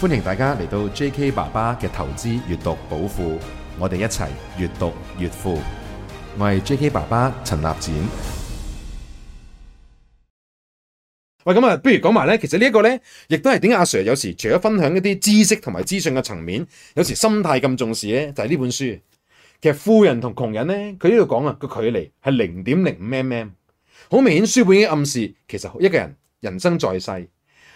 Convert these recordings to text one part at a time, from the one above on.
歡迎大家嚟到 J.K. 爸爸嘅投資閱讀寶庫，我哋一齊閱讀越富。我係 J.K. 爸爸陳立展。喂，不如講埋咧，其實這呢一個咧，亦都係點解阿 Sir 有時除咗分享一啲知識同埋資訊嘅層面，有時心態咁重視咧，就係、是、呢本書。其實富人同窮人呢，佢呢度講啊，個距離係零點零五 mm，好明顯書本已經暗示，其實一個人人生在世，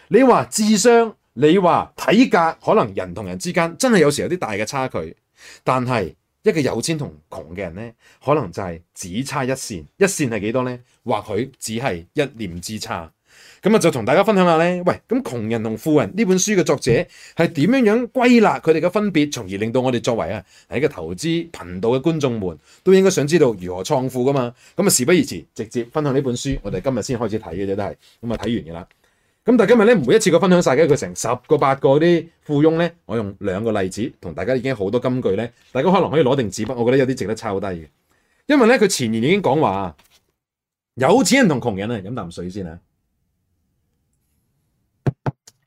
你話智商。你話體格可能人同人之間真係有時有啲大嘅差距，但係一個有錢同窮嘅人呢，可能就係只差一線，一線係幾多呢？或許只係一念之差。咁啊，就同大家分享下呢。喂，咁窮人同富人呢本書嘅作者係點樣樣歸納佢哋嘅分別？從而令到我哋作為啊呢個投資頻道嘅觀眾們，都應該想知道如何創富㗎嘛。咁啊，事不宜遲，直接分享呢本書。我哋今日先開始睇嘅啫，都係咁啊，睇完㗎啦。咁但係今日咧每一次個分享晒嘅佢成十個八個啲富翁咧，我用兩個例子同大家已經好多金句咧，大家可能可以攞定紙筆，我覺得有啲值得抄低嘅。因為咧佢前年已經講話，有錢人同窮人咧飲啖水先啊。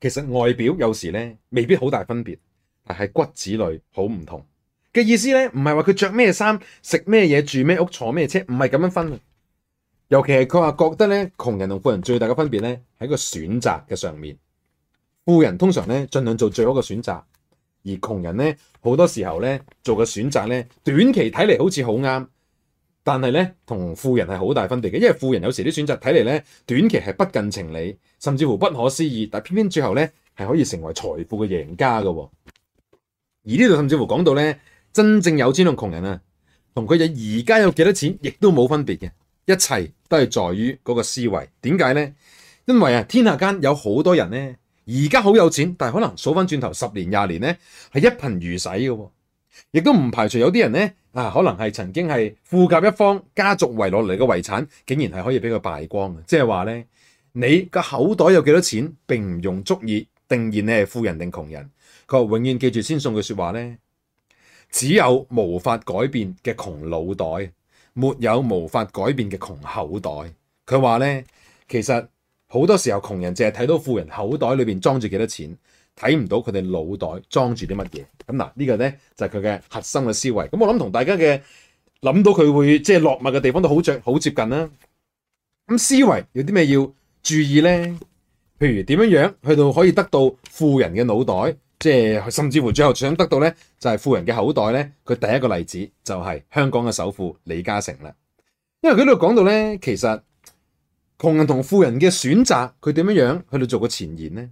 其實外表有時咧未必好大分別，但係骨子裏好唔同嘅意思咧，唔係話佢着咩衫、食咩嘢、住咩屋、坐咩車，唔係咁樣分。尤其係佢話覺得呢，窮人同富人最大嘅分別呢喺個選擇嘅上面。富人通常呢盡量做最好嘅選擇，而窮人呢，好多時候呢做嘅選擇呢，短期睇嚟好似好啱，但係呢，同富人係好大分別嘅。因為富人有時啲選擇睇嚟呢，短期係不近情理，甚至乎不可思議，但偏偏最後呢，係可以成為財富嘅贏家㗎喎。而呢度甚至乎講到呢，真正有錢同窮人啊，同佢哋而家有幾多錢亦都冇分別嘅，一切。都係在於嗰個思維，點解呢？因為啊，天下間有好多人呢，而家好有錢，但係可能數翻轉頭十年廿年呢，係一貧如洗嘅、哦。亦都唔排除有啲人呢，啊，可能係曾經係富甲一方，家族遺落嚟嘅遺產，竟然係可以俾佢敗光。即係話呢，你個口袋有幾多錢，並唔用足以定義你係富人定窮人。佢永遠記住先送嘅説話呢，只有無法改變嘅窮腦袋。沒有無法改變嘅窮口袋，佢話呢，其實好多時候窮人淨係睇到富人口袋裏面裝住幾多錢，睇唔到佢哋腦袋裝住啲乜嘢。咁、嗯、嗱、呢、這個呢，就係佢嘅核心嘅思維。咁、嗯、我諗同大家嘅諗到佢會即係、就是、落物嘅地方都好著好接近啦、啊。咁、嗯、思維有啲咩要注意呢？譬如點樣樣去到可以得到富人嘅腦袋？即係甚至乎最後想得到呢，就係富人嘅口袋呢，佢第一個例子就係香港嘅首富李嘉誠啦。因為佢喺度講到呢，其實窮人同富人嘅選擇，佢點樣樣去到做個前言呢？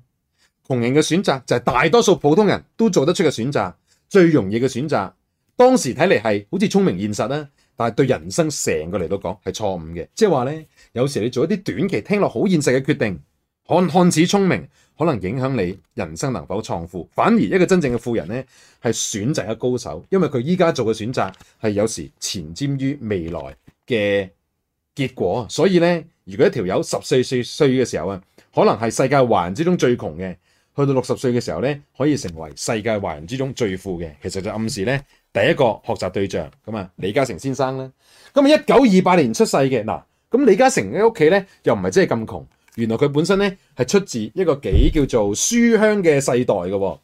窮人嘅選擇就係大多數普通人都做得出嘅選擇，最容易嘅選擇。當時睇嚟係好似聰明現實啦，但係對人生成個嚟都講係錯誤嘅。即係話呢，有時你做一啲短期聽落好現實嘅決定，看，看似聰明。可能影響你人生能否創富，反而一個真正嘅富人呢，係選擇嘅高手，因為佢依家做嘅選擇係有時前瞻於未來嘅結果。所以呢，如果一條友十四歲歲嘅時候啊，可能係世界華人之中最窮嘅，去到六十歲嘅時候呢，可以成為世界華人之中最富嘅，其實就暗示呢，第一個學習對象咁啊，李嘉誠先生呢。咁啊，一九二八年出世嘅嗱，咁李嘉誠嘅屋企呢，又唔係真係咁窮。原來佢本身咧係出自一個幾叫做書香嘅世代嘅、哦，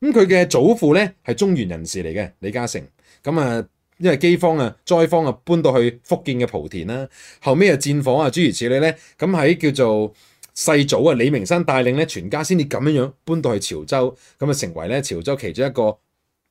咁佢嘅祖父咧係中原人士嚟嘅，李嘉誠，咁、嗯、啊因為饑荒啊災荒啊搬到去福建嘅莆田啦、啊，後尾啊戰火啊諸如此類咧，咁、嗯、喺叫做世祖啊李明山帶領咧全家先至咁樣樣搬到去潮州，咁、嗯、啊成為咧潮州其中一個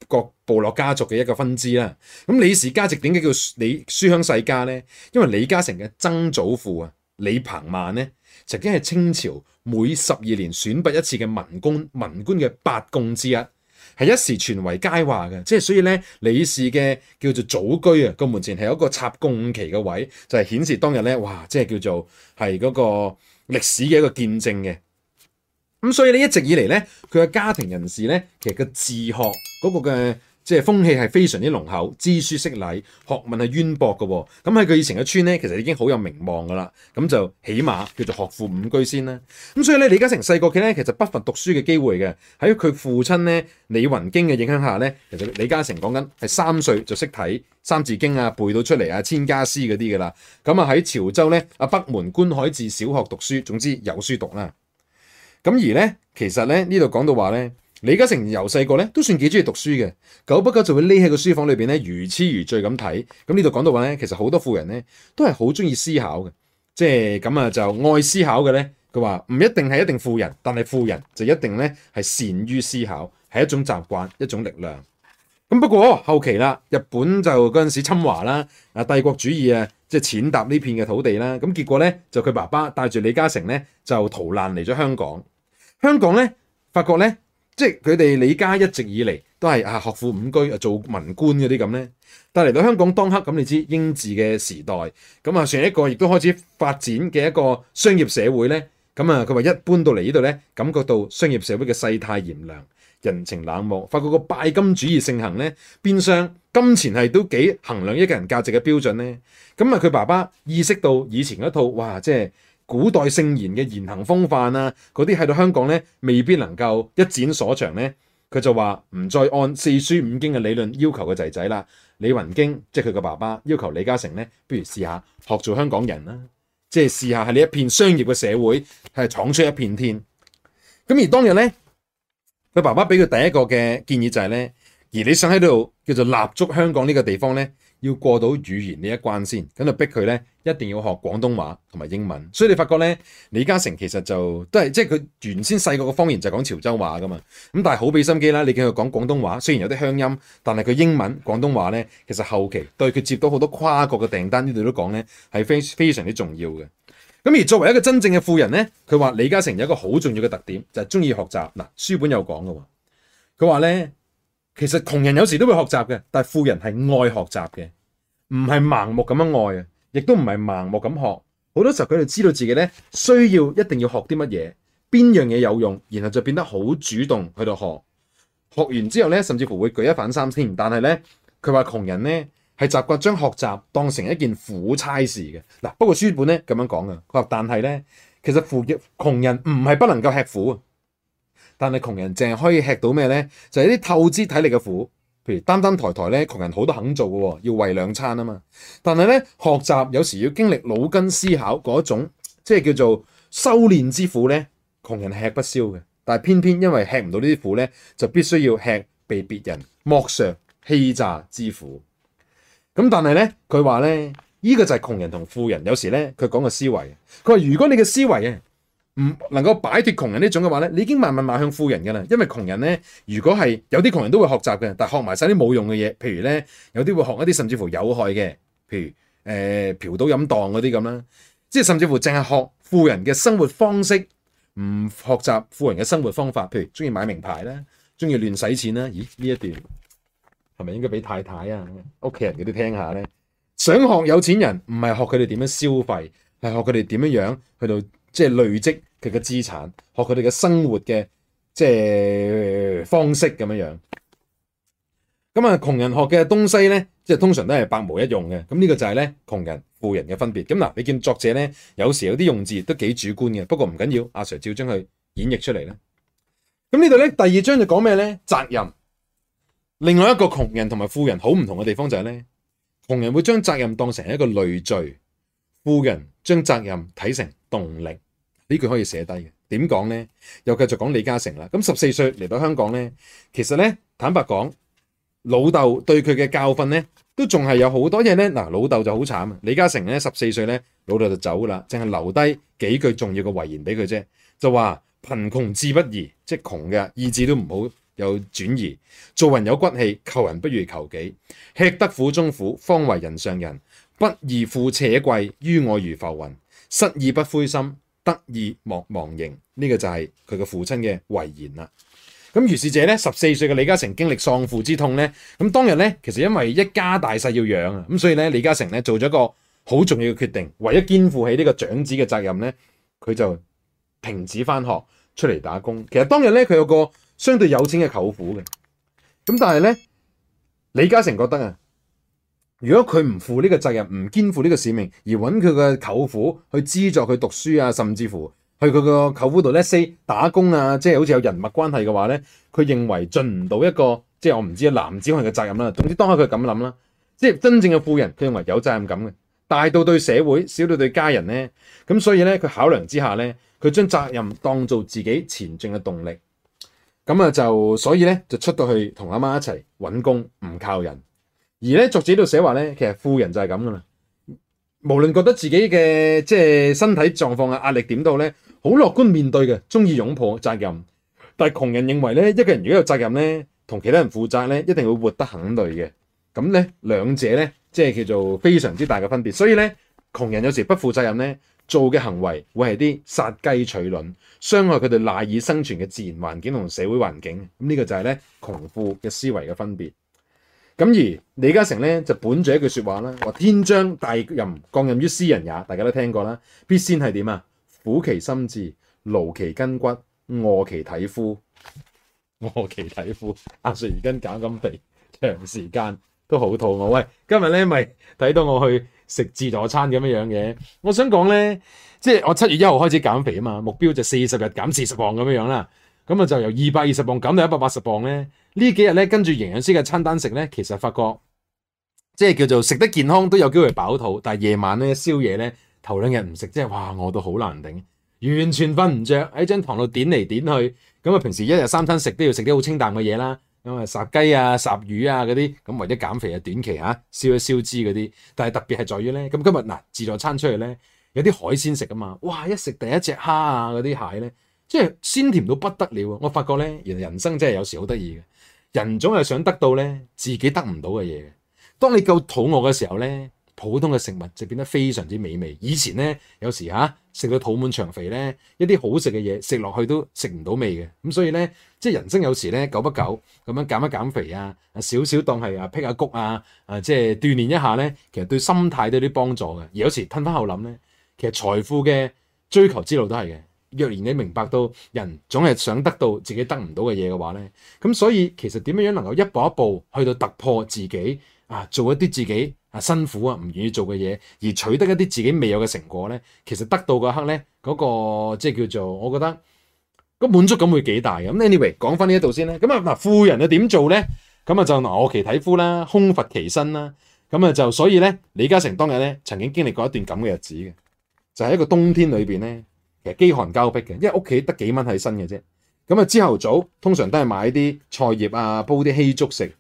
各部落家族嘅一個分支啦。咁、嗯、李氏家族點解叫李書香世家咧？因為李嘉誠嘅曾祖父啊李彭曼咧。曾經係清朝每十二年選拔一次嘅文官，文官嘅拔貢之一，係一時傳為佳話嘅。即係所以咧，李氏嘅叫做祖居啊，個門前係有一個插貢旗嘅位，就係、是、顯示當日咧，哇，即係叫做係嗰個歷史嘅一個見證嘅。咁、嗯、所以咧，一直以嚟咧，佢嘅家庭人士咧，其實佢自學嗰個嘅。即係風氣係非常之濃厚，知書識禮，學問係淵博嘅。咁喺佢以前嘅村咧，其實已經好有名望噶啦。咁就起碼叫做學富五車先啦。咁所以咧，李嘉誠細個嘅咧，其實不乏讀書嘅機會嘅。喺佢父親咧李雲經嘅影響下咧，其實李嘉誠講緊係三歲就識睇《三字經》啊，背到出嚟啊，《千家詩》嗰啲噶啦。咁啊喺潮州咧，阿北門觀海寺小學讀書，總之有書讀啦。咁而咧，其實咧呢度講到話咧。李嘉誠由細個咧都算幾鍾意讀書嘅，久不久就會匿喺個書房裏邊咧，如痴如醉咁睇。咁呢度講到話咧，其實好多富人咧都係好鍾意思考嘅，即係咁啊就愛思考嘅咧。佢話唔一定係一定富人，但係富人就一定咧係善於思考，係一種習慣，一種力量。咁不過後期啦，日本就嗰陣時侵華啦，啊帝國主義啊，即係踐踏呢片嘅土地啦。咁結果咧就佢爸爸帶住李嘉誠咧就逃難嚟咗香港。香港咧發覺咧。即係佢哋李家一直以嚟都係啊，學富五車，啊，做文官嗰啲咁咧。但係嚟到香港當刻咁，你知英治嘅時代咁啊，就算係一個亦都開始發展嘅一個商業社會咧。咁啊，佢話一搬到嚟呢度咧，感覺到商業社會嘅世態炎涼、人情冷漠，發覺個拜金主義盛行咧，變相金錢係都幾衡量一個人價值嘅標準咧。咁啊，佢爸爸意識到以前嗰套哇，即係。古代聖賢嘅言行風範啊，嗰啲喺到香港呢，未必能夠一展所長呢。佢就話唔再按四書五經嘅理論要求個仔仔啦。李雲經即係佢個爸爸要求李嘉誠呢，不如試下學做香港人啦，啊，即係試下喺呢一片商業嘅社會係闖出一片天。咁而當日呢，佢爸爸俾佢第一個嘅建議就係呢：「而你想喺度叫做立足香港呢個地方呢。」要過到語言呢一關先，咁就逼佢咧一定要學廣東話同埋英文。所以你發覺咧，李嘉誠其實就都係即係佢原先細個嘅方言就係講潮州話噶嘛。咁但係好俾心機啦，你見佢講廣東話，雖然有啲鄉音，但係佢英文廣東話咧，其實後期對佢接到好多跨國嘅訂單呢度都講咧係非非常之重要嘅。咁而作為一個真正嘅富人咧，佢話李嘉誠有一個好重要嘅特點，就係中意學習嗱，書本有講㗎喎，佢話咧。其實窮人有時都會學習嘅，但富人係愛學習嘅，唔係盲目咁樣愛啊，亦都唔係盲目咁學。好多時候佢哋知道自己需要一定要學啲乜嘢，邊樣嘢有用，然後就變得好主動去到學。學完之後甚至乎會舉一反三添。但係咧，佢話窮人咧係習慣將學習當成一件苦差事嘅。不過書本咧咁樣講噶，但係咧，其實窮人唔係不能夠吃苦。但係窮人淨係可以吃到咩咧？就係啲透支體力嘅苦，譬如擔擔抬抬咧，窮人好多肯做嘅喎，要餵兩餐啊嘛。但係咧學習有時要經歷腦筋思考嗰種，即係叫做修練之苦咧，窮人吃不消嘅。但係偏偏因為吃唔到呢啲苦咧，就必須要吃被別人剝削欺詐之苦。咁但係咧，佢話咧，呢個就係窮人同富人有時咧，佢講個思維。佢話如果你嘅思維嘅。唔能夠擺脫窮人呢種嘅話咧，你已經慢慢邁向富人噶啦。因為窮人咧，如果係有啲窮人都會學習嘅，但係學埋晒啲冇用嘅嘢，譬如咧有啲會學一啲甚至乎有害嘅，譬如誒、呃、嫖賭飲蕩嗰啲咁啦，即係甚至乎淨係學富人嘅生活方式，唔學習富人嘅生活方法，譬如中意買名牌啦，中意亂使錢啦。咦，呢一段係咪應該俾太太啊、屋企人嗰啲聽下咧？想學有錢人，唔係學佢哋點樣消費，係學佢哋點樣樣去到。即係累積佢嘅資產，學佢哋嘅生活嘅即係、呃、方式咁樣樣。咁啊，窮人學嘅東西咧，即係通常都係百無一用嘅。咁呢個就係咧窮人、富人嘅分別。咁嗱，你見作者咧有時有啲用字都幾主觀嘅，不過唔緊要，阿 Sir 照將佢演繹出嚟咧。咁呢度咧第二章就講咩咧？責任。另外一個窮人同埋富人好唔同嘅地方就係咧，窮人會將責任當成一個累贅，富人將責任睇成動力。呢句可以寫低嘅點講呢？又繼續講李嘉誠啦。咁十四歲嚟到香港呢，其實呢，坦白講，老豆對佢嘅教訓呢，都仲係有好多嘢呢。嗱，老豆就好慘，李嘉誠呢，十四歲呢，老豆就走噶啦，淨係留低幾句重要嘅遺言俾佢啫，就話貧窮志不移，即係窮嘅意志都唔好有轉移。做人有骨氣，求人不如求己。吃得苦中苦，方為人上人。不義富且貴於我如浮雲，失意不灰心。得意莫忘形，呢個就係佢嘅父親嘅遺言啦。咁如是者咧，十四歲嘅李嘉誠經歷喪父之痛咧，咁當日咧，其實因為一家大細要養啊，咁所以咧，李嘉誠咧做咗一個好重要嘅決定，唯一肩負起呢個長子嘅責任咧，佢就停止翻學出嚟打工。其實當日咧，佢有個相對有錢嘅舅父嘅，咁但係咧，李嘉誠覺得啊。如果佢唔負呢個責任，唔肩負呢個使命，而揾佢個舅父去資助佢讀書啊，甚至乎去佢個舅父度咧打工啊，即係好似有人脈關係嘅話咧，佢認為盡唔到一個，即係我唔知啊，男子漢嘅責任啦。總之當刻佢咁諗啦，即係真正嘅富人，佢認為有責任感嘅，大到對社會，小到對家人咧。咁所以咧，佢考量之下咧，佢將責任當做自己前進嘅動力。咁啊，就所以咧，就出到去同阿媽一齊揾工，唔靠人。而咧，作者喺度寫話咧，其實富人就係咁噶啦，無論覺得自己嘅即係身體狀況啊、壓力點都好咧，好樂觀面對嘅，中意擁抱責任。但係窮人認為咧，一個人如果有責任咧，同其他人負責咧，一定會活得很累嘅。咁咧，兩者咧，即係叫做非常之大嘅分別。所以咧，窮人有時不負責任咧，做嘅行為會係啲殺雞取卵，傷害佢哋賴以生存嘅自然環境同社會環境。咁呢個就係咧窮富嘅思維嘅分別。咁而李嘉誠咧就本着一句説話啦，話天將大任降任於斯人也，大家都聽過啦。必先係點啊？苦其心志，勞其筋骨，餓其體膚，餓其體膚。阿 Sir 而家減緊肥，長時間都好肚餓。喂，今日咧咪睇到我去食自助餐咁樣樣嘅。我想講咧，即係我七月一號開始減肥啊嘛，目標就四十日減四十磅咁樣樣啦。咁啊就由二百二十磅減到一百八十磅咧。呢幾日咧跟住營養師嘅餐單食咧，其實發覺即係叫做食得健康都有機會飽肚，但係夜晚咧宵夜咧頭兩日唔食，即係哇我都好難頂，完全瞓唔着，喺張牀度點嚟點去。咁啊，平時一日三餐食都要食啲好清淡嘅嘢啦，咁、嗯、啊殺雞啊殺魚啊嗰啲，咁或者減肥啊短期嚇、啊、燒一燒脂嗰啲。但係特別係在於咧，咁今日嗱、呃、自助餐出嚟咧有啲海鮮食噶嘛，哇一食第一隻蝦啊嗰啲蟹咧，即係鮮甜到不得了。我發覺咧原來人生真係有時好得意嘅。人總係想得到咧自己得唔到嘅嘢。當你夠肚餓嘅時候咧，普通嘅食物就變得非常之美味。以前咧有時嚇食、啊、到肚滿腸肥咧，一啲好食嘅嘢食落去都食唔到味嘅。咁所以咧即係人生有時咧久不久咁樣減一減肥小小啊，少少當係啊辟下谷啊啊即係鍛鍊一下咧，其實對心態都有啲幫助嘅。而有時吞返後諗咧，其實財富嘅追求之路都係嘅。若然你明白到人總係想得到自己得唔到嘅嘢嘅話咧，咁所以其實點樣樣能夠一步一步去到突破自己啊，做一啲自己啊辛苦啊唔願意做嘅嘢，而取得一啲自己未有嘅成果咧，其實得到嗰刻咧嗰個即係叫做，我覺得，嗰個滿足感會幾大咁。Anyway，講翻呢一度先咧，咁啊嗱，富人又點做咧？咁啊就拿我其體膚啦，空乏其身啦。咁啊就所以咧，李嘉誠當日咧曾經經歷過一段咁嘅日子嘅，就係一個冬天裏邊咧。其實飢寒交迫嘅，因為屋企得幾蚊喺身嘅啫。咁啊，朝頭早通常都係買啲菜葉啊，煲啲稀粥食。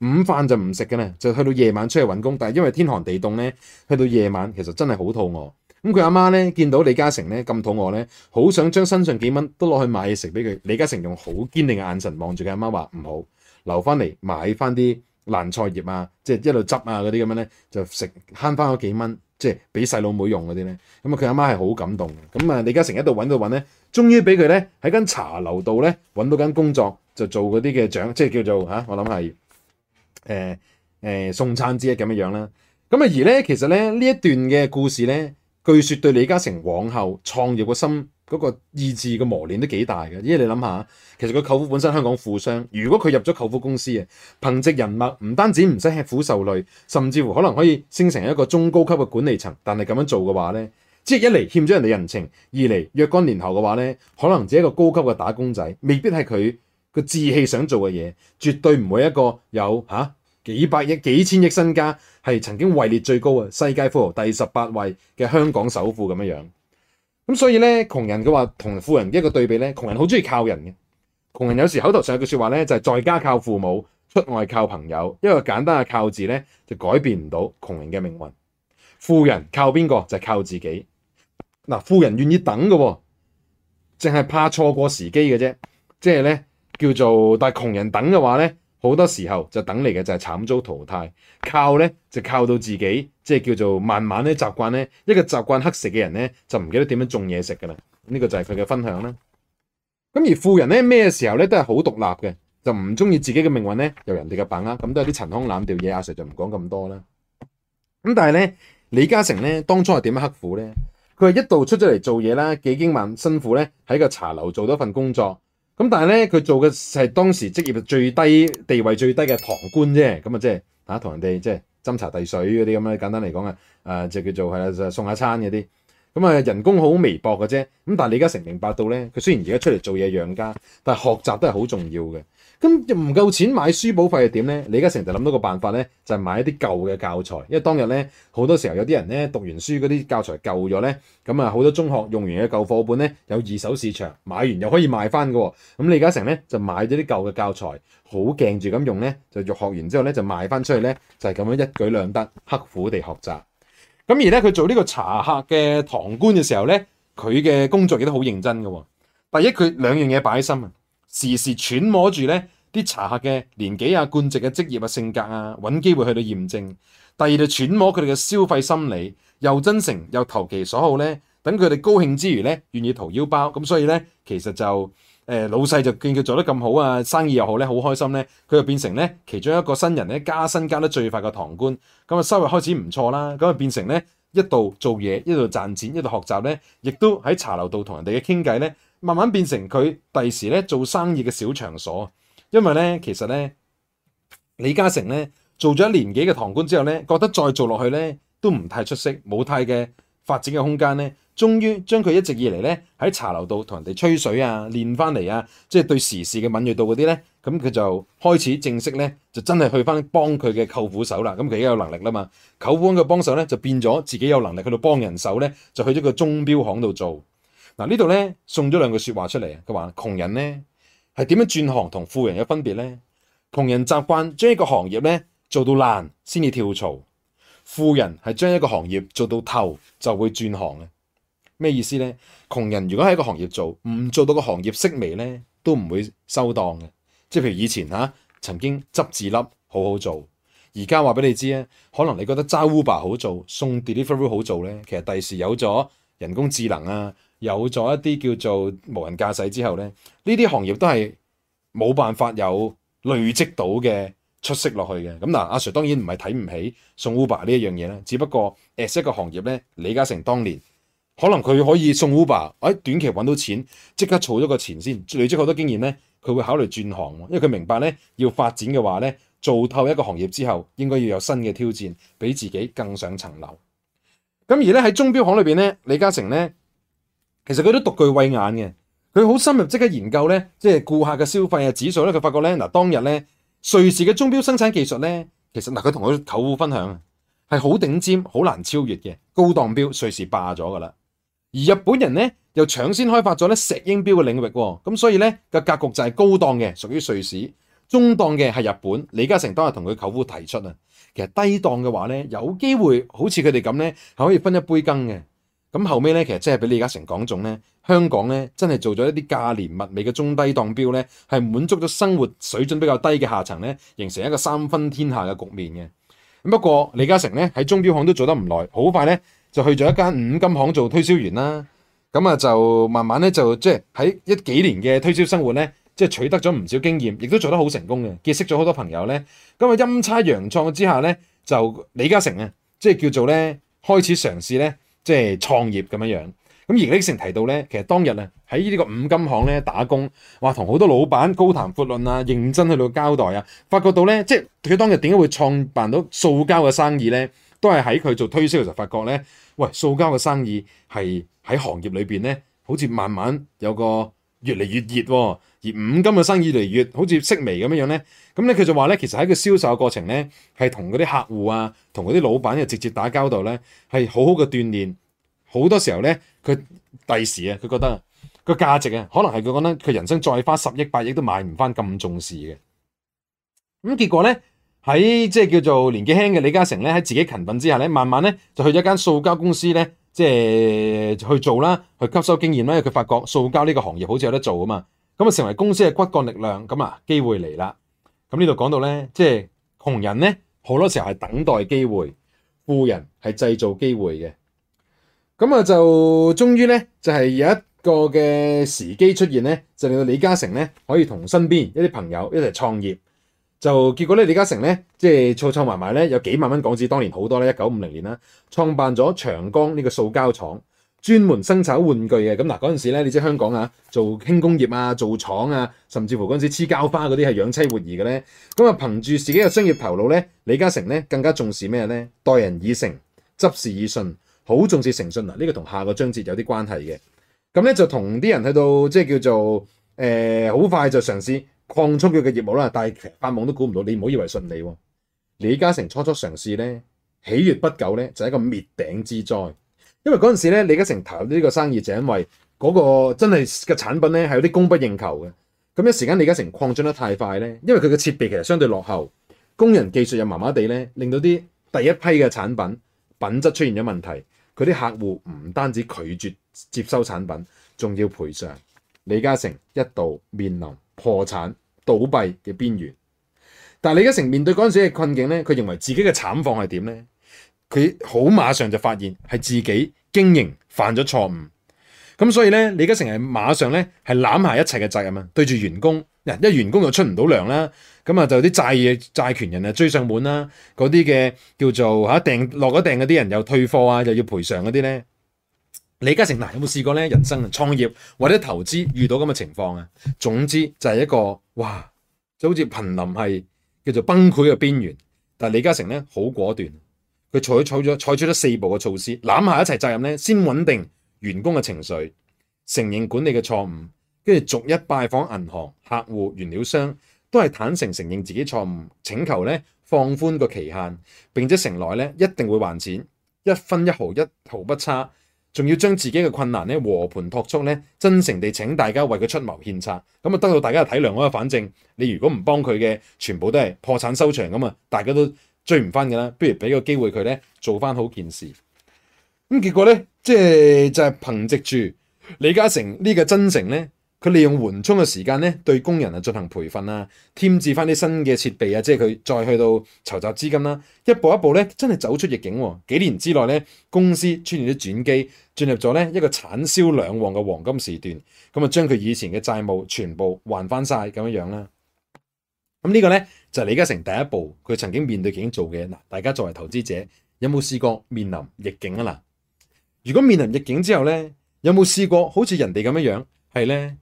午飯就唔食嘅咧，就去到夜晚出去揾工。但係因為天寒地凍咧，去到夜晚其實真係好肚餓。咁佢阿媽咧見到李嘉誠咧咁肚餓咧，好想將身上幾蚊都攞去買嘢食俾佢。李嘉誠用好堅定嘅眼神望住佢阿媽話：唔 好留翻嚟買翻啲爛菜葉啊，即係一路執啊嗰啲咁樣咧，就食慳翻嗰幾蚊。即係畀細佬妹用嗰啲咧，咁啊佢阿媽係好感動。咁啊李嘉誠喺度揾到揾咧，終於俾佢咧喺間茶樓度咧揾到間工作，就做嗰啲嘅獎，即係叫做嚇、啊，我諗係誒誒送餐之一咁樣樣啦。咁啊而咧其實咧呢一段嘅故事咧，據説對李嘉誠往後創業嘅心，嗰個意志嘅磨練都幾大嘅，因為你諗下，其實個舅父本身香港富商，如果佢入咗舅父公司啊，憑藉人脈，唔單止唔使吃苦受累，甚至乎可能可以升成一個中高級嘅管理層。但係咁樣做嘅話咧，即係一嚟欠咗人哋人情，二嚟若干年後嘅話咧，可能只係一個高級嘅打工仔，未必係佢個志氣想做嘅嘢，絕對唔會一個有嚇、啊、幾百億、幾千億身家，係曾經位列最高嘅世界富豪第十八位嘅香港首富咁樣樣。咁所以咧，窮人嘅話同富人一個對比咧，窮人好鍾意靠人嘅。窮人有時口頭上有句説話咧，就係、是、在家靠父母，出外靠朋友。一個簡單嘅靠字呢，就改變唔到窮人嘅命運。富人靠邊個？就係靠自己、啊。富人願意等嘅喎、哦，淨係怕錯過時機嘅啫。即係咧叫做，但係窮人等嘅話呢。好多時候就等嚟嘅就係慘遭淘汰，靠咧就靠到自己，即係叫做慢慢咧習慣咧一個習慣乞食嘅人咧就唔記得點樣種嘢食噶啦呢個就係佢嘅分享啦。咁而富人咧咩時候咧都係好獨立嘅，就唔中意自己嘅命運咧由人哋嘅把握，咁都有啲陳腔濫調嘢，阿 Sir 就唔講咁多啦。咁但係咧李嘉誠咧當初係點樣刻苦咧？佢係一度出咗嚟做嘢啦，幾經萬辛苦咧喺個茶樓做咗份工作。咁但係咧，佢做嘅係當時職業最低地位最低嘅堂官啫。咁、就是、啊，即係同人哋、就是、斟茶遞水嗰啲咁樣簡單嚟講啊，就叫做係啊，就送下餐嗰啲。咁、嗯、啊，人工好微薄嘅啫。咁但係你而家成明白到咧，佢雖然而家出嚟做嘢養家，但係學習都係好重要嘅。咁唔夠錢買書簿費係點呢？李嘉誠就諗到個辦法呢，就係買一啲舊嘅教材，因為當日呢，好多時候有啲人呢讀完書嗰啲教材舊咗呢。咁啊好多中學用完嘅舊課本呢，有二手市場買完又可以賣翻嘅喎。咁李嘉誠呢，就買咗啲舊嘅教材，好勁住咁用呢，就學完之後呢，就賣翻出去呢，就係咁樣一舉兩得，刻苦地學習。咁而呢，佢做呢個茶客嘅堂官嘅時候呢，佢嘅工作亦都好認真嘅喎。第一佢兩樣嘢擺喺心啊。時時揣摩住咧啲茶客嘅年紀啊、籍貫嘅、啊、職業啊、性格啊，揾機會去到驗證。第二就揣摩佢哋嘅消費心理，又真誠又投其所好咧。等佢哋高興之餘咧，願意掏腰包。咁所以咧，其實就誒、呃、老細就見佢做得咁好啊，生意又好咧，好開心咧。佢就變成咧其中一個新人咧，加薪加得最快嘅堂官。咁啊，收入開始唔錯啦。咁啊，變成咧一度做嘢，一度賺錢，一度學習咧，亦都喺茶樓度同人哋嘅傾偈咧。慢慢變成佢第時咧做生意嘅小場所，因為咧其實咧李嘉誠咧做咗一年幾嘅堂官之後咧，覺得再做落去咧都唔太出色，冇太嘅發展嘅空間咧，終於將佢一直以嚟咧喺茶樓度同人哋吹水啊、練翻嚟啊，即係對時事嘅敏銳度嗰啲咧，咁、嗯、佢就開始正式咧就真係去翻幫佢嘅舅父手啦。咁佢已經有能力啦嘛，舅父嘅幫手咧就變咗自己有能力去到幫人手咧，就去咗個鐘錶行度做。嗱呢度咧，送咗兩句説話出嚟啊。佢話：窮人咧係點樣轉行同富人有分別咧？窮人習慣將一個行業咧做到爛先至跳槽，富人係將一個行業做到透就會轉行嘅。咩意思咧？窮人如果喺一個行業做，唔做到個行業式微咧，都唔會收檔嘅。即係譬如以前嚇、啊、曾經執字粒好好做，而家話俾你知咧，可能你覺得揸 Uber 好做，送 delivery 好做咧，其實第時有咗人工智能啊～有咗一啲叫做無人駕駛之後咧，呢啲行業都係冇辦法有累積到嘅出色落去嘅。咁嗱，阿、啊、Sir 當然唔係睇唔起送 Uber 呢一樣嘢啦，只不過 as 一個行業咧，李嘉誠當年可能佢可以送 Uber，喺短期揾到錢，即刻儲咗個錢先，累積好多經驗咧，佢會考慮轉行，因為佢明白咧要發展嘅話咧，做透一個行業之後，應該要有新嘅挑戰，比自己更上層樓。咁而咧喺鐘錶行裏邊咧，李嘉誠咧。其實佢都獨具慧眼嘅，佢好深入即刻研究咧，即係顧客嘅消費呀指數咧，佢發覺咧嗱當日咧瑞士嘅鐘錶生產技術咧，其實嗱佢同佢舅父分享係好頂尖、好難超越嘅高檔錶，瑞士霸咗噶啦。而日本人咧又搶先開發咗咧石英錶嘅領域，咁所以咧個格局就係高檔嘅屬於瑞士，中檔嘅係日本。李嘉誠當日同佢舅父提出啊，其實低檔嘅話咧有機會好似佢哋咁咧係可以分一杯羹嘅。咁後尾咧，其實真係俾李嘉誠講中咧，香港咧真係做咗一啲價廉物美嘅中低檔錶咧，係滿足咗生活水準比較低嘅下層咧，形成一個三分天下嘅局面嘅。咁不過李嘉誠咧喺鐘錶行都做得唔耐，好快咧就去咗一間五金行做推銷員啦。咁啊就慢慢咧就即係喺一幾年嘅推銷生活咧，即係取得咗唔少經驗，亦都做得好成功嘅，結識咗好多朋友咧。咁啊陰差陽錯之下咧，就李嘉誠啊，即係叫做咧開始嘗試咧。即係創業咁樣樣，咁而李成提到咧，其實當日咧喺呢個五金行咧打工，話同好多老闆高談闊論啊，認真去到交代啊，發覺到咧，即係佢當日點解會創辦到塑膠嘅生意咧，都係喺佢做推銷嘅時候發覺咧，喂，塑膠嘅生意係喺行業裏邊咧，好似慢慢有個越嚟越熱啊。而五金嘅生意嚟越，好似式微咁樣樣咧，咁咧佢就話咧，其實喺個銷售過程咧，係同嗰啲客戶啊，同嗰啲老闆啊直接打交道咧，係好好嘅鍛鍊。好多時候咧，佢第時啊，佢覺得個價值啊，可能係佢覺得佢人生再花十億八億都買唔翻咁重視嘅。咁、嗯、結果咧，喺即係叫做年紀輕嘅李嘉誠咧，喺自己勤奮之下咧，慢慢咧就去咗間塑膠公司咧，即係去做啦，去吸收經驗啦。因為佢發覺塑膠呢個行業好似有得做啊嘛～咁啊，成為公司嘅骨幹力量，咁啊，機會嚟啦！咁呢度講到咧，即係窮人咧，好多時候係等待機會，富人係製造機會嘅。咁啊，就終於咧，就係有一個嘅時機出現咧，就令到李嘉誠咧可以同身邊一啲朋友一齊創業。就結果咧，李嘉誠咧，即係湊湊埋埋咧，有幾萬蚊港紙，當年好多咧，一九五零年啦，創辦咗長江呢個塑膠廠。專門生產玩具嘅咁嗱，嗰陣時咧，你知香港啊，做輕工業啊，做廠啊，甚至乎嗰陣時黐膠花嗰啲係養妻活兒嘅咧。咁啊，憑住自己嘅商業頭腦咧，李嘉誠咧更加重視咩咧？待人以誠，執事以信，好重視誠信啊！呢、這個同下個章節有啲關係嘅。咁咧就同啲人喺度，即、就、係、是、叫做誒，好、呃、快就嘗試擴充佢嘅業,業務啦。但係其實發夢都估唔到，你唔好以為順利、哦。李嘉誠初初嘗試咧，喜悦不久咧，就係、一個滅頂之災。因為嗰陣時咧，李嘉誠投入呢個生意，就因為嗰個真係嘅產品咧係有啲供不應求嘅，咁一時間李嘉誠擴張得太快咧，因為佢嘅設備其實相對落後，工人技術又麻麻地咧，令到啲第一批嘅產品品質出現咗問題，佢啲客戶唔單止拒絕接收產品，仲要賠償。李嘉誠一度面臨破產倒閉嘅邊緣，但李嘉誠面對嗰陣時嘅困境咧，佢認為自己嘅慘況係點咧？佢好馬上就發現係自己經營犯咗錯誤，咁所以咧，李嘉誠係馬上咧係攬下一切嘅責任啊！對住員工，一員工又出唔到糧啦，咁啊就啲債嘢債權人啊追上門啦，嗰啲嘅叫做吓訂落咗訂嗰啲人又退貨啊，又要賠償嗰啲咧。李嘉誠嗱，啊，有冇試過咧？人生創業或者投資遇到咁嘅情況啊？總之就係一個哇，就好似瀕臨係叫做崩潰嘅邊緣，但係李嘉誠咧好果斷。佢採取咗採取咗四步嘅措施，攬下一齊責任咧，先穩定員工嘅情緒，承認管理嘅錯誤，跟住逐一拜訪銀行、客戶、原料商，都係坦誠承認自己錯誤，請求咧放寬個期限，並且承諾咧一定會還錢一分一毫一毫不差，仲要將自己嘅困難咧和盤托出咧，真誠地請大家為佢出謀獻策。咁啊，得到大家嘅體諒，我話反正你如果唔幫佢嘅，全部都係破產收場咁啊，大家都。追唔翻嘅啦，不如俾個機會佢咧做翻好件事。咁、嗯、結果咧，即係就係、是就是、憑藉住李嘉誠呢個真誠咧，佢利用緩衝嘅時間咧，對工人啊進行培訓啊，添置翻啲新嘅設備啊，即係佢再去到籌集資金啦、啊，一步一步咧真係走出逆境喎、啊。幾年之內咧，公司出現咗轉機，進入咗咧一個產銷兩旺嘅黃金時段，咁啊將佢以前嘅債務全部還翻晒，咁樣樣、啊、啦。咁呢個咧就係李嘉誠第一步，佢曾經面對境做嘅嗱。大家作為投資者，有冇試過面臨逆境啊？嗱，如果面臨逆境之後咧，有冇試過好似人哋咁樣樣？係咧，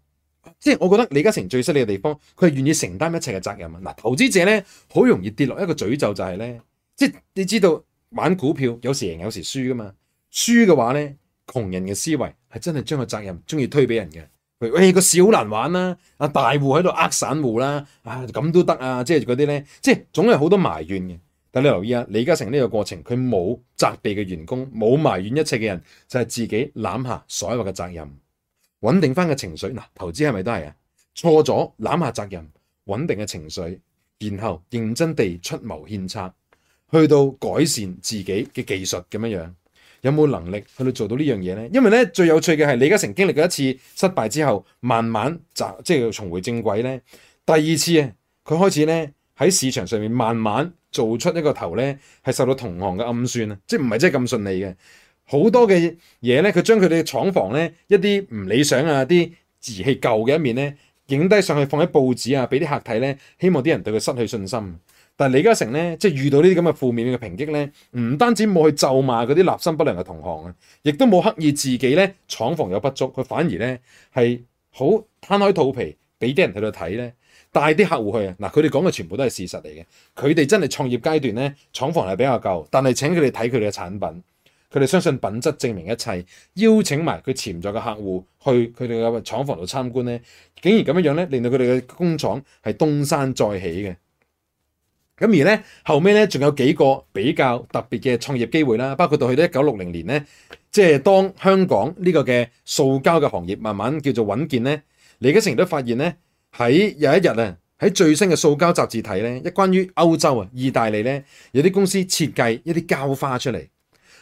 即係我覺得李嘉誠最犀利嘅地方，佢係願意承擔一切嘅責任啊！嗱，投資者咧好容易跌落一個詛咒，就係咧，即係你知道玩股票有時贏有時輸噶嘛，輸嘅話咧，窮人嘅思維係真係將個責任中意推俾人嘅。喂，誒個小難玩啦，啊大戶喺度呃散戶啦，啊咁都得啊，即係嗰啲咧，即係總係好多埋怨嘅。但你留意啊，李嘉誠呢個過程，佢冇責備嘅員工，冇埋怨一切嘅人，就係自己攬下所有嘅責任，穩定翻嘅情緒。嗱，投資係咪都係啊？錯咗攬下責任，穩定嘅情緒，然後認真地出謀獻策，去到改善自己嘅技術咁樣樣。有冇能力去到做到呢樣嘢呢？因為呢，最有趣嘅係李嘉誠經歷過一次失敗之後，慢慢即係重回正軌呢。第二次啊，佢開始呢，喺市場上面慢慢做出一個頭呢，係受到同行嘅暗算啊，即係唔係真係咁順利嘅。好多嘅嘢呢，佢將佢哋嘅廠房呢，一啲唔理想啊、啲儀器舊嘅一面呢，影低上去放喺報紙啊，俾啲客睇呢，希望啲人對佢失去信心。但李嘉誠咧，即係遇到呢啲咁嘅負面嘅抨擊咧，唔單止冇去咒罵嗰啲立心不良嘅同行啊，亦都冇刻意自己咧廠房有不足，佢反而咧係好攤開肚皮俾啲人喺度睇咧，帶啲客戶去啊！嗱，佢哋講嘅全部都係事實嚟嘅，佢哋真係創業階段咧廠房係比較舊，但係請佢哋睇佢哋嘅產品，佢哋相信品質證明一切，邀請埋佢潛在嘅客戶去佢哋嘅廠房度參觀咧，竟然咁樣樣咧令到佢哋嘅工廠係東山再起嘅。咁而咧後尾咧，仲有幾個比較特別嘅創業機會啦，包括到去到一九六零年咧，即係當香港呢個嘅塑膠嘅行業慢慢叫做穩健咧，李嘉誠都發現咧，喺有一日啊，喺最新嘅塑膠雜誌睇咧，一關於歐洲啊、意大利咧，有啲公司設計一啲膠花出嚟，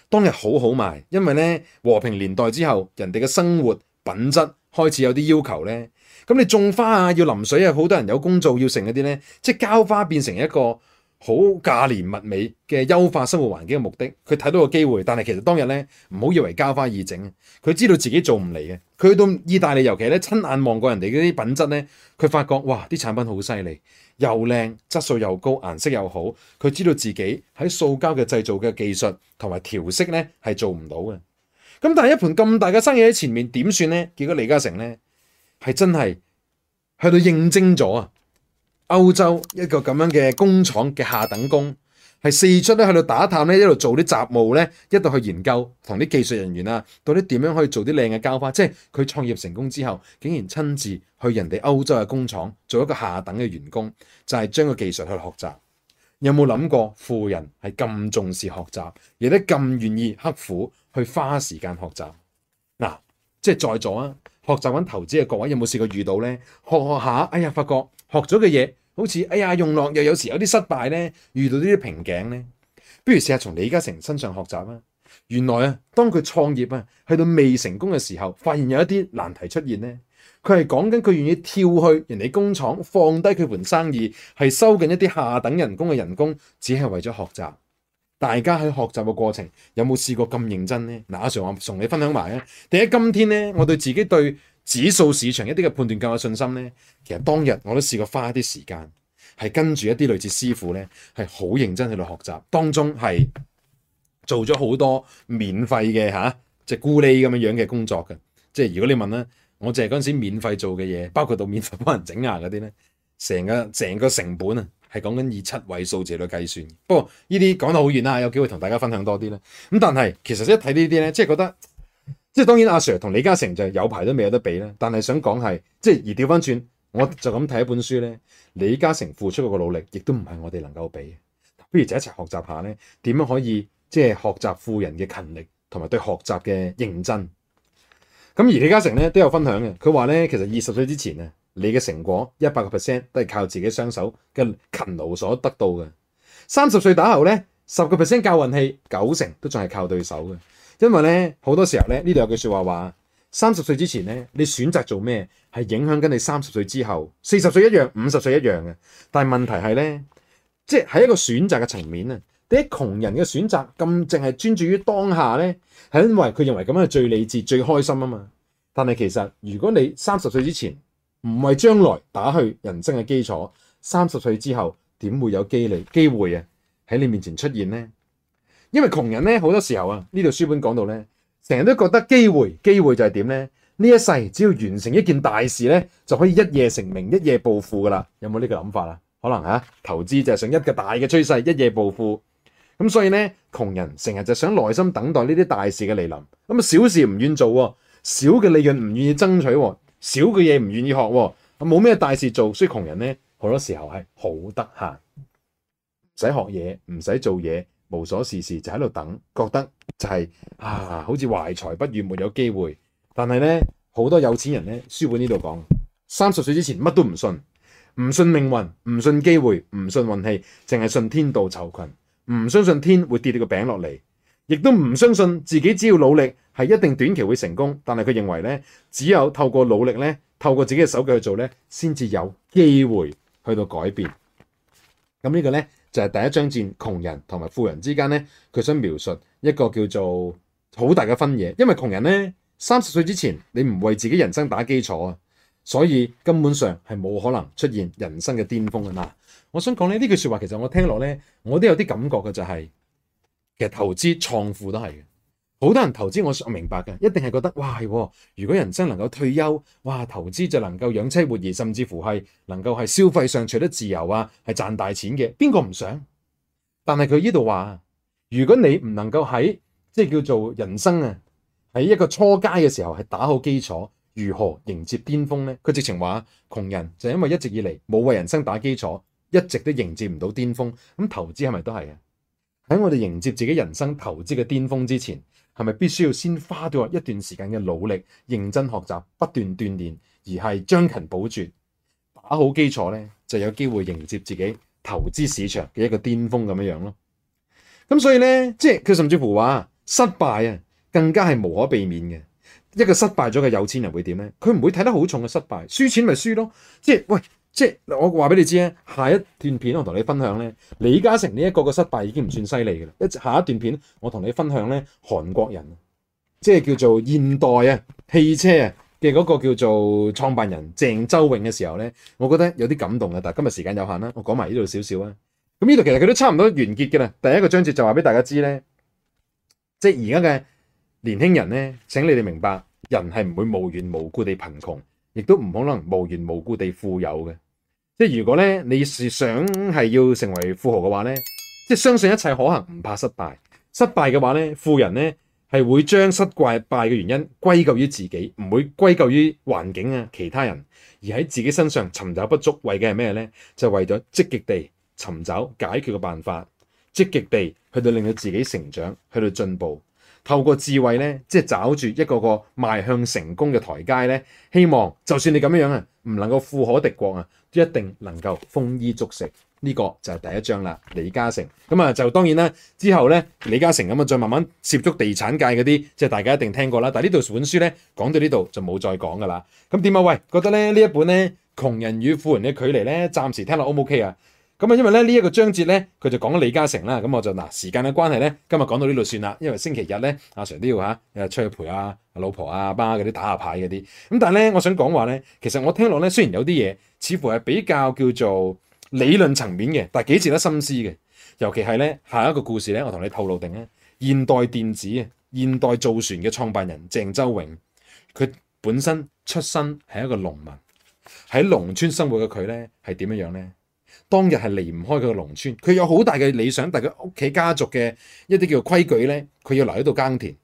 當日好好賣，因為咧和平年代之後，人哋嘅生活品質開始有啲要求咧。咁你種花啊，要淋水啊，好多人有工作要成嗰啲呢，即係膠花變成一個好價廉物美嘅優化生活環境嘅目的，佢睇到個機會。但係其實當日呢，唔好以為膠花易整，佢知道自己做唔嚟嘅。佢去到意大利，尤其咧親眼望過人哋嗰啲品質呢，佢發覺哇，啲產品好犀利，又靚，質素又高，顏色又好。佢知道自己喺塑膠嘅製造嘅技術同埋調色呢係做唔到嘅。咁但係一盤咁大嘅生意喺前面點算呢？結果李嘉誠呢。係真係去到應徵咗啊，歐洲一個咁樣嘅工廠嘅下等工，係四出咧去到打探咧，一路做啲雜務咧，一路去研究同啲技術人員啊，到底點樣可以做啲靚嘅膠花？即係佢創業成功之後，竟然親自去人哋歐洲嘅工廠做一個下等嘅員工，就係將個技術去學習。有冇諗過富人係咁重視學習，亦都咁願意刻苦去花時間學習？嗱，即係在座啊！學習揾投資嘅各位有冇試過遇到呢？學學下，哎呀，發覺學咗嘅嘢好似，哎呀，用落又有時有啲失敗呢，遇到呢啲瓶頸呢？不如試下從李嘉誠身上學習啦。原來啊，當佢創業啊，去到未成功嘅時候，發現有一啲難題出現呢。佢係講緊佢願意跳去人哋工廠放低佢盤生意，係收緊一啲下等人工嘅人工，只係為咗學習。大家喺學習嘅過程有冇試過咁認真呢？嗱，阿常話同你分享埋咧，第日今天呢，我對自己對指數市場一啲嘅判斷更有信心呢，其實當日我都試過花一啲時間，係跟住一啲類似師傅呢，係好認真喺度學習，當中係做咗好多免費嘅吓、啊，即係顧利咁樣樣嘅工作嘅。即係如果你問呢，我就係嗰陣時免費做嘅嘢，包括到免費幫人整牙嗰啲呢，成個成個成本啊！係講緊以七位數字嚟計算，不過呢啲講得好遠啦，有機會同大家分享多啲咧。咁但係其實一睇呢啲咧，即係覺得，即係當然阿 Sir 同李嘉誠就有排都未有得比咧。但係想講係，即係而掉返轉，我就咁睇一本書咧，李嘉誠付出嗰個努力，亦都唔係我哋能夠比。不如就一齊學習下咧，點樣可以即係學習富人嘅勤力同埋對學習嘅認真。咁而李嘉誠咧都有分享嘅，佢話咧其實二十歲之前啊。你嘅成果一百個 percent 都係靠自己雙手嘅勤勞所得到嘅。三十歲打後呢，十個 percent 靠運氣，九成都仲係靠對手嘅。因為呢，好多時候呢，呢度有句説話話，三十歲之前呢，你選擇做咩係影響緊你三十歲之後、四十歲一樣、五十歲一樣嘅。但係問題係呢，即係喺一個選擇嘅層面啊，啲窮人嘅選擇咁淨係專注於當下呢，係因為佢認為咁樣係最理智、最開心啊嘛。但係其實如果你三十歲之前，唔係將來打去人生嘅基礎，三十歲之後點會有機利機會啊喺你面前出現呢？因為窮人呢，好多時候啊，呢度書本講到呢，成日都覺得機會機會就係點呢？呢一世只要完成一件大事呢，就可以一夜成名、一夜暴富噶啦？有冇呢個諗法啊？可能吓、啊、投資就係想一個大嘅趨勢一夜暴富，咁所以呢，窮人成日就想耐心等待呢啲大事嘅嚟臨，咁啊小事唔願意做，小嘅利潤唔願意爭取。少嘅嘢唔願意學，冇咩大事做，所以窮人呢，好多時候係好得閒，唔使學嘢，唔使做嘢，無所事事就喺度等，覺得就係、是、啊，好似懷才不遇，沒有機會。但係呢，好多有錢人呢，書本呢度講，三十歲之前乜都唔信，唔信命運，唔信機會，唔信運氣，淨係信天道酬勤，唔相信天會跌你個餅落嚟，亦都唔相信自己只要努力。係一定短期會成功，但係佢認為咧，只有透過努力咧，透過自己嘅手腳去做咧，先至有機會去到改變。咁呢個咧就係、是、第一章節，窮人同埋富人之間咧，佢想描述一個叫做好大嘅分野。因為窮人咧，三十歲之前你唔為自己人生打基礎啊，所以根本上係冇可能出現人生嘅巔峰啊嗱、呃。我想講咧，呢句説話其實我聽落咧，我都有啲感覺嘅就係、是，其實投資創富都係嘅。好多人投資我我明白嘅，一定係覺得哇如果人生能夠退休，哇投資就能夠養妻活兒，甚至乎係能夠係消費上取得自由啊，係賺大錢嘅，邊個唔想？但係佢呢度話，如果你唔能夠喺即叫做人生啊，喺一個初階嘅時候係打好基礎，如何迎接巔峰呢？佢直情話窮人就因為一直以嚟冇為人生打基礎，一直都迎接唔到巔峰。咁投資係咪都係啊？喺我哋迎接自己人生投資嘅巔峰之前。係咪必須要先花掉一段時間嘅努力、認真學習，不斷鍛鍊，而係將勤補拙，打好基礎咧，就有機會迎接自己投資市場嘅一個巔峰咁樣樣咯。咁所以咧，即係佢甚至乎話失敗啊，更加係無可避免嘅。一個失敗咗嘅有錢人會點咧？佢唔會睇得好重嘅失敗，輸錢咪輸咯。即係喂。即係我話俾你知咧，下一段片我同你分享咧，李嘉誠呢一個嘅失敗已經唔算犀利嘅啦。一下一段片我同你分享咧，韓國人即係叫做現代啊汽車啊嘅嗰個叫做創辦人鄭周永嘅時候咧，我覺得有啲感動嘅。但係今日時間有限啦，我講埋呢度少少啊。咁呢度其實佢都差唔多完結嘅啦。第一個章節就話俾大家知咧，即係而家嘅年輕人咧，請你哋明白，人係唔會無緣無故地貧窮，亦都唔可能無緣無故地富有嘅。即如果咧，你是想係要成為富豪嘅話咧，即相信一切可行，唔怕失敗。失敗嘅話咧，富人咧係會將失敗敗嘅原因歸咎於自己，唔會歸咎於環境啊、其他人，而喺自己身上尋找不足。為嘅係咩咧？就係為咗積極地尋找解決嘅辦法，積極地去到令到自己成長，去到進步，透過智慧咧，即係找住一個個邁向成功嘅台階咧。希望就算你咁樣樣啊，唔能夠富可敵國啊。一定能夠豐衣足食，呢個就係第一章啦。李嘉誠咁啊，就當然啦。之後咧，李嘉誠咁啊，再慢慢涉足地產界嗰啲，即係大家一定聽過啦。但係呢度本書咧講到呢度就冇再講㗎啦。咁點啊？喂，覺得咧呢一本咧窮人與富人嘅距離咧，暫時聽落 O 唔 O K 啊？咁啊，因為咧呢一個章節咧，佢就講咗李嘉誠啦。咁我就嗱時間嘅關係咧，今日講到呢度算啦。因為星期日咧，阿、啊、Sir 都要嚇誒出去陪阿、啊、阿老婆阿爸嗰啲打下牌嗰啲。咁但係咧，我想講話咧，其實我聽落咧，雖然有啲嘢似乎係比較叫做理論層面嘅，但係幾值得深思嘅。尤其係咧下一個故事咧，我同你透露定咧。現代電子啊，現代造船嘅創辦人鄭周永，佢本身出身係一個農民，喺農村生活嘅佢咧係點樣樣咧？當日係離唔開佢個農村，佢有好大嘅理想，但係屋企家族嘅一啲叫做規矩咧，佢要留喺度耕田。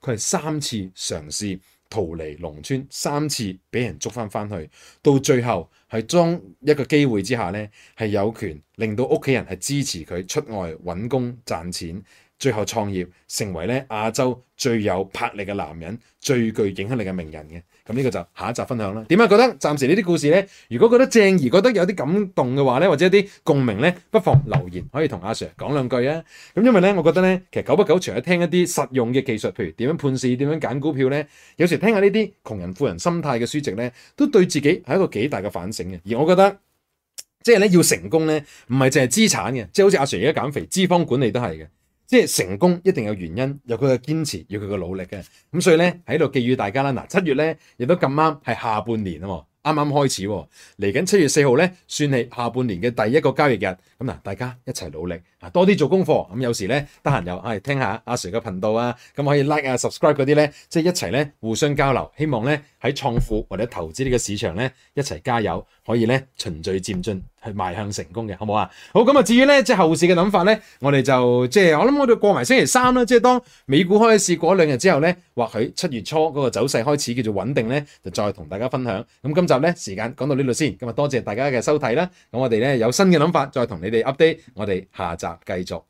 佢係三次嘗試逃離農村，三次俾人捉翻翻去，到最後係喺一個機會之下咧，係有權令到屋企人係支持佢出外揾工賺錢，最後創業成為咧亞洲最有魄力嘅男人、最具影響力嘅名人嘅。咁呢個就下一集分享啦。點解覺得暫時呢啲故事呢？如果覺得正而覺得有啲感動嘅話呢，或者一啲共鳴呢，不妨留言可以同阿 Sir 講兩句啊。咁因為呢，我覺得呢，其實久不久除咗聽一啲實用嘅技術，譬如點樣判市、點樣揀股票呢，有時聽下呢啲窮人富人心態嘅書籍呢，都對自己係一個幾大嘅反省嘅。而我覺得即係呢，要成功呢，唔係淨係資產嘅，即係好似阿 Sir 而家減肥脂肪管理都係嘅。即係成功一定有原因，有佢嘅堅持，有佢嘅努力嘅，咁所以咧喺度寄語大家啦。嗱，七月咧亦都咁啱係下半年啊，啱啱開始。嚟緊七月四號咧，算係下半年嘅第一個交易日。咁嗱，大家一齊努力。多啲做功課，咁有時咧得閒又係、哎、聽下阿 Sir 嘅頻道啊，咁可以 like 啊、subscribe 嗰啲咧，即係一齊咧互相交流。希望咧喺創富或者投資呢個市場咧一齊加油，可以咧循序漸進去邁向成功嘅，好唔好啊？好，咁啊，至於咧即係後市嘅諗法咧，我哋就即係我諗我哋過埋星期三啦，即係當美股開市過兩日之後咧，或許七月初嗰個走勢開始叫做穩定咧，就再同大家分享。咁今集咧時間講到呢度先，咁啊多謝大家嘅收睇啦。咁我哋咧有新嘅諗法再同你哋 update，我哋下集。繼續。